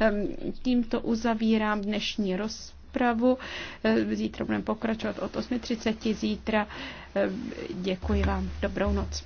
Ehm, tímto uzavírám dnešní rozpravu. Ehm, zítra budeme pokračovat od 8.30. Zítra ehm, děkuji vám. Dobrou noc.